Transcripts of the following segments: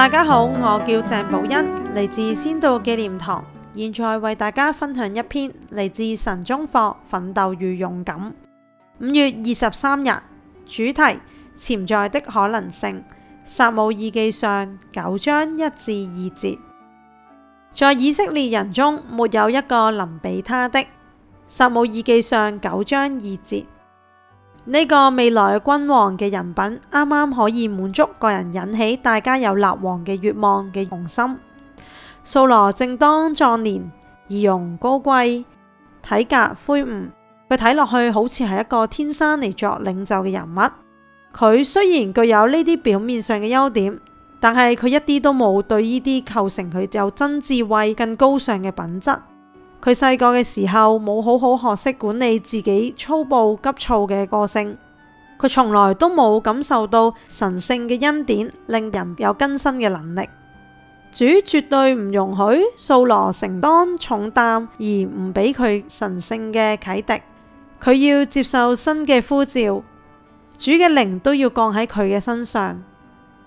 大家好，我叫鄭寶欣，嚟自先道紀念堂，現在為大家分享一篇嚟自神中課《奮鬥與勇敢》。五月二十三日，主題潛在的可能性，撒母耳記上九章一至二節，在以色列人中沒有一個能比他的。撒母耳記上九章二節。呢個未來君王嘅人品，啱啱可以滿足個人引起大家有立王嘅願望嘅雄心。掃羅正當壯年，儀容高貴，體格魁梧，佢睇落去好似係一個天生嚟作領袖嘅人物。佢雖然具有呢啲表面上嘅優點，但係佢一啲都冇對呢啲構成佢有真智慧、更高尚嘅品質。佢細個嘅時候冇好好學識管理自己粗暴急躁嘅個性，佢從來都冇感受到神聖嘅恩典，令人有更新嘅能力。主絕對唔容許掃羅承擔重擔而唔俾佢神聖嘅啟迪，佢要接受新嘅呼召，主嘅靈都要降喺佢嘅身上，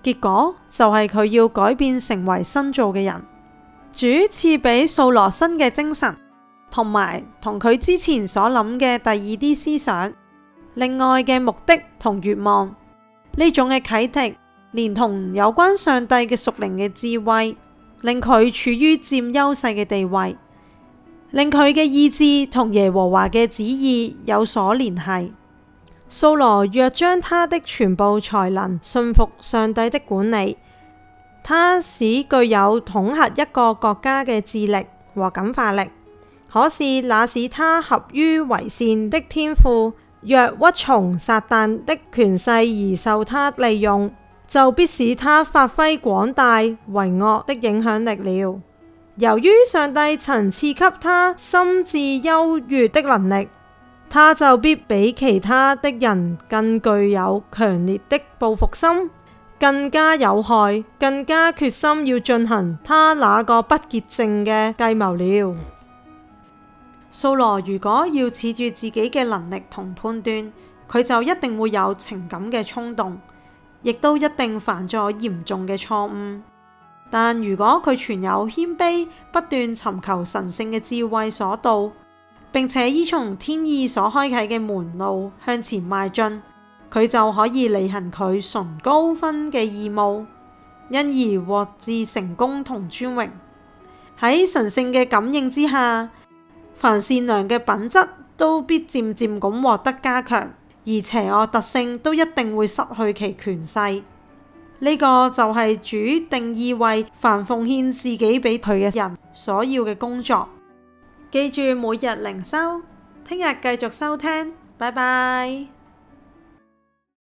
結果就係佢要改變成為新造嘅人。主賜俾掃羅新嘅精神，同埋同佢之前所諗嘅第二啲思想，另外嘅目的同願望，呢種嘅啟迪，連同有關上帝嘅屬靈嘅智慧，令佢處於佔優勢嘅地位，令佢嘅意志同耶和華嘅旨意有所聯繫。掃羅若將他的全部才能信服上帝的管理。他使具有統合一個國家嘅智力和感化力，可是那是他合於為善的天賦。若屈從撒旦的權勢而受他利用，就必使他發揮廣大為惡的影響力了。由於上帝曾賜給他心智優越的能力，他就必比其他的人更具有強烈的報復心。更加有害，更加決心要進行他那個不潔淨嘅計謀了。掃羅如果要恃住自己嘅能力同判斷，佢就一定會有情感嘅衝動，亦都一定犯咗嚴重嘅錯誤。但如果佢存有謙卑，不斷尋求神聖嘅智慧所導，並且依從天意所開啟嘅門路向前邁進。佢就可以履行佢崇高分嘅義務，因而獲至成功同尊榮。喺神聖嘅感應之下，凡善良嘅品質都必漸漸咁獲得加強，而邪惡特性都一定會失去其權勢。呢個就係主定義為凡奉獻自己俾佢嘅人所要嘅工作。記住每日靈修，聽日繼續收聽，拜拜。